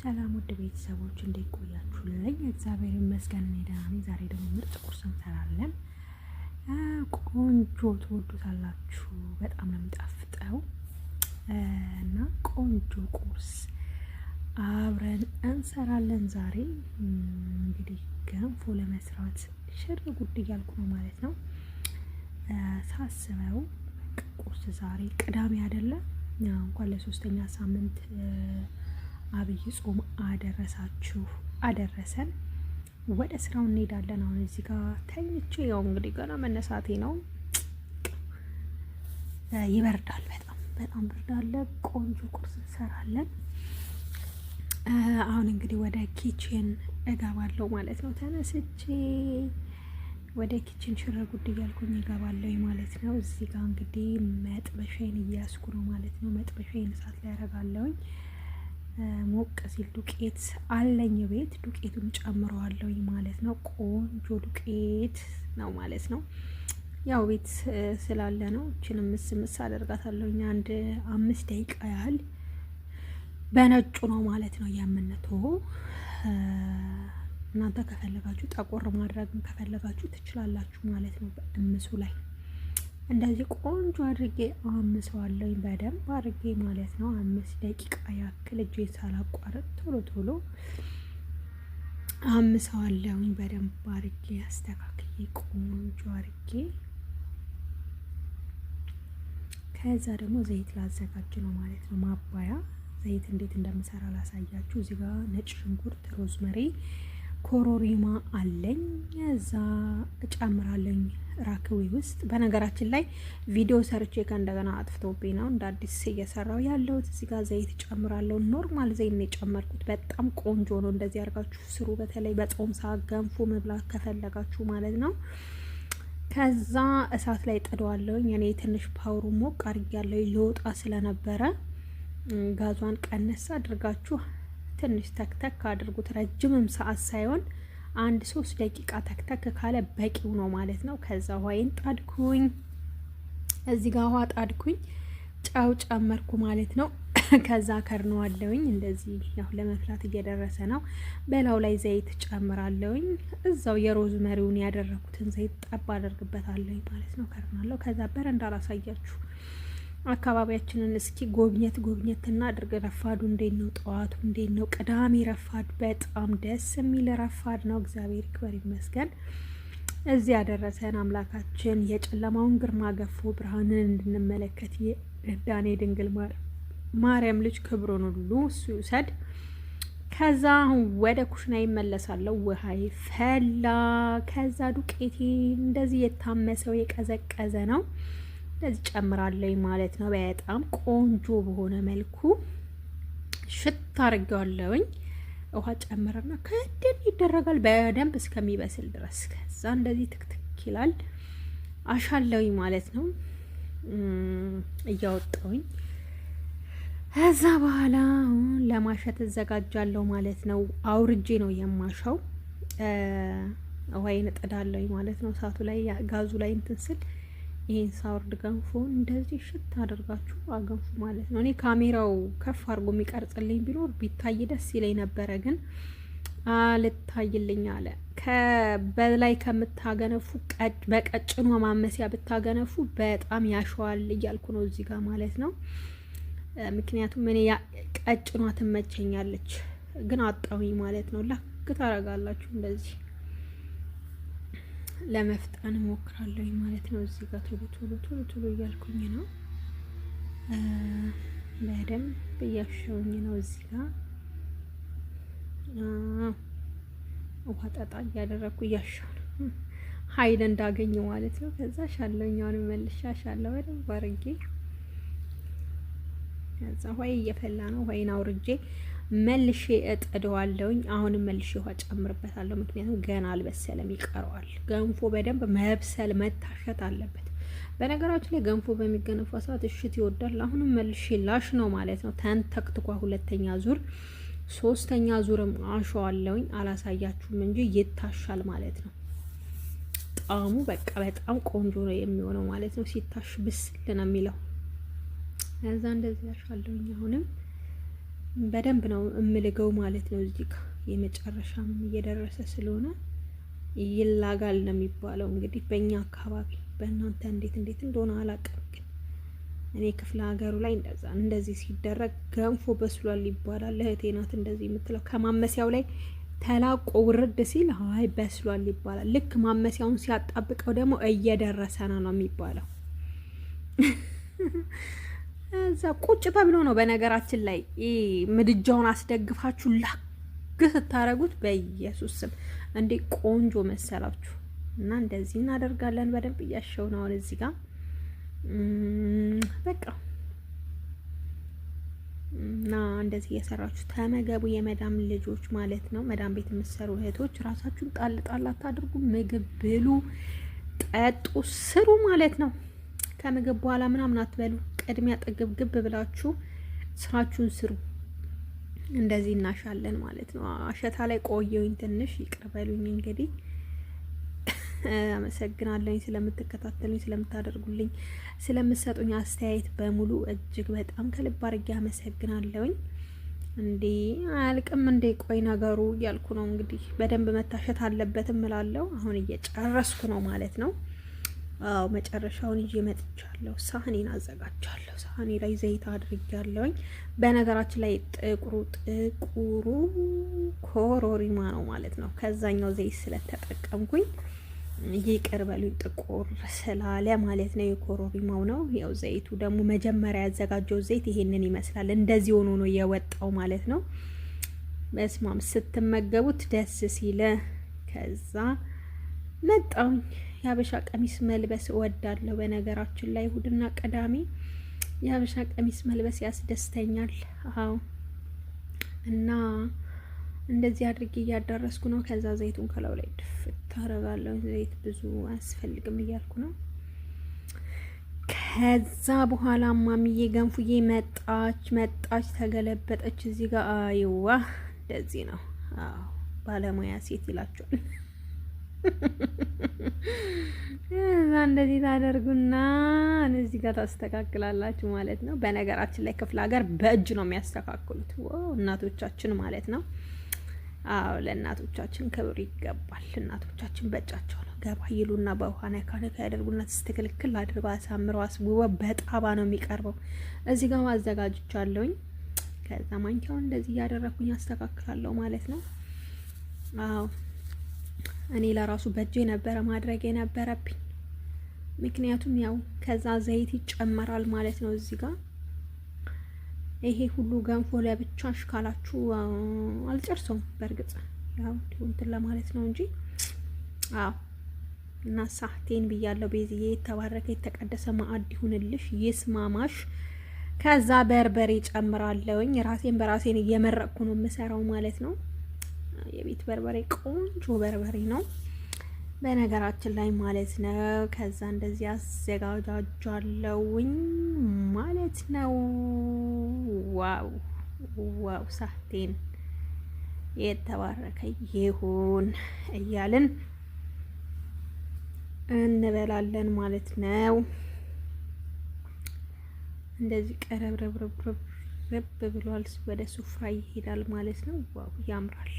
ሰላም ውድ ቤተሰቦች እንዴት ቆያችሁልኝ? እግዚአብሔር ይመስገን እኔ ደህና ነኝ። ዛሬ ደግሞ ምርጥ ቁርስ እንሰራለን። ቆንጆ ትወዱታላችሁ። በጣም ነው የሚጣፍጠው እና ቆንጆ ቁርስ አብረን እንሰራለን ዛሬ። እንግዲህ ገንፎ ለመስራት ሽር ጉድ እያልኩ ነው ማለት ነው። ሳስበው ቁርስ ዛሬ ቅዳሜ አይደለም እንኳን ለሶስተኛ ሳምንት አብይ ጾም አደረሳችሁ አደረሰን። ወደ ስራው እንሄዳለን። አሁን እዚህ ጋር ተኝቼ ያው እንግዲህ ገና መነሳቴ ነው። ይበርዳል፣ በጣም በጣም ብርድ ቆንጆ ቁርስ እንሰራለን። አሁን እንግዲህ ወደ ኪችን እገባለሁ ማለት ነው። ተነስቼ ወደ ኪችን ሽር ጉድ እያልኩኝ እገባለሁ ማለት ነው። እዚህ ጋር እንግዲህ መጥበሻዬን እያያዝኩ ነው ማለት ነው። መጥበሻዬን እሳት ላይ ያረጋለሁኝ ሞቅ ሲል ዱቄት አለኝ ቤት ዱቄቱን ጨምረዋለሁኝ ማለት ነው። ቆንጆ ዱቄት ነው ማለት ነው። ያው ቤት ስላለ ነው። እችን ምስ ምስ አደርጋታለሁኝ አንድ አምስት ደቂቃ ያህል በነጩ ነው ማለት ነው የምንተወው። እናንተ ከፈለጋችሁ ጠቆር ማድረግም ከፈለጋችሁ ትችላላችሁ ማለት ነው በእምሱ ላይ እንደዚህ ቆንጆ አድርጌ አምሰዋለሁኝ በደንብ አድርጌ ማለት ነው። አምስት ደቂቃ ያክል እጄን ሳላቋርጥ ቶሎ ቶሎ አምሰዋለሁኝ በደንብ አድርጌ አስተካክዬ ቆንጆ አድርጌ ከዛ ደግሞ ዘይት ላዘጋጅ ነው ማለት ነው። ማባያ ዘይት እንዴት እንደምሰራ ላሳያችሁ። እዚህ ጋር ነጭ ሽንኩርት፣ ሮዝመሪ፣ ኮሮሪማ አለኝ እዛ እጨምራለኝ ራክዊ ውስጥ በነገራችን ላይ ቪዲዮ ሰርቼ ከእንደገና አጥፍቶብኝ ነው እንደ አዲስ እየሰራው ያለሁት። እዚህ ጋር ዘይት ጨምራለሁ። ኖርማል ዘይት ነው የጨመርኩት። በጣም ቆንጆ ነው። እንደዚህ አድርጋችሁ ስሩ። በተለይ በጾም ሰዓት ገንፎ መብላት ከፈለጋችሁ ማለት ነው። ከዛ እሳት ላይ ጥደዋለሁኝ። እኔ ትንሽ ፓውሩ ሞቅ አድርጊያለሁ ሊወጣ ስለነበረ ጋዟን ቀነስ አድርጋችሁ ትንሽ ተክተክ አድርጉት። ረጅምም ሰዓት ሳይሆን አንድ ሶስት ደቂቃ ተክተክ ካለ በቂው ነው ማለት ነው። ከዛ ውሃዬን ጣድኩኝ፣ እዚህ ጋር ውሃ ጣድኩኝ፣ ጨው ጨመርኩ ማለት ነው። ከዛ ከርነዋለውኝ እንደዚህ ያው ለመፍላት እየደረሰ ነው። በላው ላይ ዘይት ጨምራለውኝ። እዛው የሮዝ መሪውን ያደረኩትን ዘይት ጠብ አደርግበታለኝ ማለት ነው። ከርናለው። ከዛ በረንዳ አላሳያችሁ አካባቢያችንን እስኪ ጎብኘት ጎብኘት እና ረፋዱ እንዴት ነው? ጠዋቱ እንዴት ነው? ቅዳሜ ረፋድ በጣም ደስ የሚል ረፋድ ነው። እግዚአብሔር ይክበር ይመስገን እዚህ ያደረሰን አምላካችን። የጨለማውን ግርማ ገፎ ብርሃንን እንድንመለከት የርዳኔ ድንግል ማርያም ልጅ ክብሩን ሁሉ እሱ ይውሰድ። ከዛ ወደ ኩሽና ይመለሳለሁ። ውሃይ ፈላ። ከዛ ዱቄቴ እንደዚህ የታመሰው የቀዘቀዘ ነው እንደዚህ ጨምራለሁ ማለት ነው። በጣም ቆንጆ በሆነ መልኩ ሽት አድርጌዋለሁኝ። ውሃ ጨምርና ከደን ይደረጋል በደንብ እስከሚበስል ድረስ። ከዛ እንደዚህ ትክትክ ይላል አሻለውኝ ማለት ነው። እያወጣውኝ ከዛ በኋላ ለማሸት እዘጋጃለሁ ማለት ነው። አውርጄ ነው የማሻው። ውሃዬን እጥዳለሁኝ ማለት ነው። እሳቱ ላይ ጋዙ ላይ እንትን ስል ይህን ሳውርድ ገንፎ እንደዚህ ሽት አድርጋችሁ አገንፉ ማለት ነው። እኔ ካሜራው ከፍ አድርጎ የሚቀርጽልኝ ቢኖር ቢታይ ደስ ይለኝ ነበረ፣ ግን አልታይልኝ አለ። በላይ ከምታገነፉ በቀጭኗ ማመስያ ብታገነፉ በጣም ያሸዋል እያልኩ ነው እዚህ ጋር ማለት ነው። ምክንያቱም እኔ ቀጭኗ ትመቸኛለች፣ ግን አጣሁኝ ማለት ነው። ላክ ታረጋላችሁ እንደዚህ ለመፍጠን እሞክራለሁ ማለት ነው። እዚህ ጋር ቶሎ ቶሎ ቶሎ ቶሎ እያልኩኝ ነው፣ በደንብ እያሸውኝ ነው። እዚህ ጋር ውሃ ጠጣ እያደረግኩ እያሸው ነው፣ ሀይል እንዳገኘ ማለት ነው። ከዛ ሻለኛውን መልሻ ሻለው በደንብ አድርጌ ከዛ ውሃ እየፈላ ነው። ውሃይን አውርጄ መልሼ እጥደዋለሁኝ። አሁንም መልሼ ውሃ ጨምርበታለሁ፣ ምክንያቱም ገና አልበሰለም፣ ይቀረዋል። ገንፎ በደንብ መብሰል መታሸት አለበት። በነገራችን ላይ ገንፎ በሚገነፋ ሰዓት እሽት ይወዳል። አሁንም መልሼ ላሽ ነው ማለት ነው። ተንተክትኳ ሁለተኛ ዙር ሶስተኛ ዙርም አሸዋለውኝ አላሳያችሁም እንጂ ይታሻል ማለት ነው። ጣዕሙ በቃ በጣም ቆንጆ ነው የሚሆነው ማለት ነው። ሲታሽ ብስል ነው የሚለው እዛ እንደዚህ ያሻለውኝ አሁንም በደንብ ነው እምልገው ማለት ነው። እዚህ ጋር የመጨረሻም እየደረሰ ስለሆነ ይላጋል ነው የሚባለው። እንግዲህ በእኛ አካባቢ በእናንተ እንዴት እንዴት እንደሆነ አላውቅም፣ ግን እኔ ክፍለ ሀገሩ ላይ እንደዛ እንደዚህ ሲደረግ ገንፎ በስሏል ይባላል። እህቴ ናት እንደዚህ የምትለው ከማመሲያው ላይ ተላቆ ውርድ ሲል አይ በስሏል ይባላል። ልክ ማመሲያውን ሲያጣብቀው ደግሞ እየደረሰ ነው ነው የሚባለው። እዛ ቁጭ ተብሎ ነው። በነገራችን ላይ ምድጃውን አስደግፋችሁ ላግ ስታደረጉት በኢየሱስ ስም እንዴ ቆንጆ መሰላችሁ። እና እንደዚህ እናደርጋለን። በደንብ እያሸው ነው እዚህ ጋር በቃ እና እንደዚህ እየሰራችሁ ተመገቡ፣ የመዳም ልጆች ማለት ነው። መዳም ቤት የምትሰሩ እህቶች ራሳችሁን ጣል ጣል አታድርጉ። ምግብ ብሉ፣ ጠጡ፣ ስሩ ማለት ነው። ከምግብ በኋላ ምናምን አትበሉ። ቅድሚያ ጠግብ ግብ ብላችሁ ስራችሁን ስሩ። እንደዚህ እናሻለን ማለት ነው። አሸታ ላይ ቆየውኝ ትንሽ ይቅር እንግዲህ አመሰግናለኝ ስለምትከታተሉኝ፣ ስለምታደርጉልኝ፣ ስለምትሰጡኝ አስተያየት በሙሉ እጅግ በጣም ከልብ አድርጌ አመሰግናለሁኝ። እንዴ አያልቅም እንዴ ቆይ ነገሩ እያልኩ ነው እንግዲህ በደንብ መታሸት አለበትም እላለሁ። አሁን እየጨረስኩ ነው ማለት ነው። አዎ መጨረሻውን ይዤ መጥቻለሁ። ሳህኔን አዘጋጃለሁ። ሳህኔ ላይ ዘይት አድርጊያለሁኝ። በነገራችን ላይ ጥቁሩ ጥቁሩ ኮሮሪማ ነው ማለት ነው። ከዛኛው ዘይት ስለተጠቀምኩኝ ይቅር በሉኝ፣ ጥቁር ስላለ ማለት ነው። የኮሮሪማው ነው። ያው ዘይቱ ደግሞ መጀመሪያ ያዘጋጀው ዘይት ይሄንን ይመስላል። እንደዚህ ሆኖ ነው የወጣው ማለት ነው። በስማም ስትመገቡት ደስ ሲለ ከዛ መጣውኝ የሀበሻ ቀሚስ መልበስ እወዳለሁ። በነገራችን ላይ እሁድና ቅዳሜ የሀበሻ ቀሚስ መልበስ ያስደስተኛል። አዎ እና እንደዚህ አድርጌ እያዳረስኩ ነው። ከዛ ዘይቱን ከላው ላይ ድፍት ዘይት ብዙ አያስፈልግም እያልኩ ነው። ከዛ በኋላ ማሚዬ ገንፉዬ መጣች መጣች ተገለበጠች። እዚህ ጋር አይዋ እንደዚህ ነው። አዎ ባለሙያ ሴት ይላችኋል። እዛ እንደዚህ ታደርጉና እዚህ ጋር ታስተካክላላችሁ ማለት ነው። በነገራችን ላይ ክፍለ ሀገር በእጅ ነው የሚያስተካክሉት እናቶቻችን ማለት ነው። አዎ ለእናቶቻችን ክብር ይገባል። እናቶቻችን በእጃቸው ነው ገባ ይሉና በውሃ ነካ ነካ ያደርጉና ስትክልክል አድርገው አሳምረው አስውበው በጣባ ነው የሚቀርበው። እዚህ ጋር ማዘጋጅቻለሁኝ። ከዛ ማንኪያውን እንደዚህ እያደረኩኝ አስተካክላለሁ ማለት ነው። አዎ እኔ ለራሱ በእጁ የነበረ ማድረግ የነበረብኝ ምክንያቱም ያው ከዛ ዘይት ይጨመራል ማለት ነው። እዚህ ጋር ይሄ ሁሉ ገንፎ ለብቻሽ ካላችሁ አልጨርሰውም። በእርግጥ ያው እንትን ለማለት ነው እንጂ አዎ። እና ሳህቴን ብያለሁ። ቤዝዬ የተባረከ የተቀደሰ ማዕድ ይሁንልሽ፣ ይስማማሽ። ከዛ በርበሬ ጨምራለሁኝ። ራሴን በራሴን እየመረቅኩ ነው የምሰራው ማለት ነው። የቤት በርበሬ ቆንጆ በርበሬ ነው በነገራችን ላይ ማለት ነው። ከዛ እንደዚህ አዘጋጃጃለውኝ ማለት ነው። ዋው ዋው ሳህቴን የተባረከ ይሁን እያልን እንበላለን ማለት ነው። እንደዚህ ቀረብረብረብረብ ብሏል። ወደ ሱፍራ ይሄዳል ማለት ነው። ዋው ያምራል።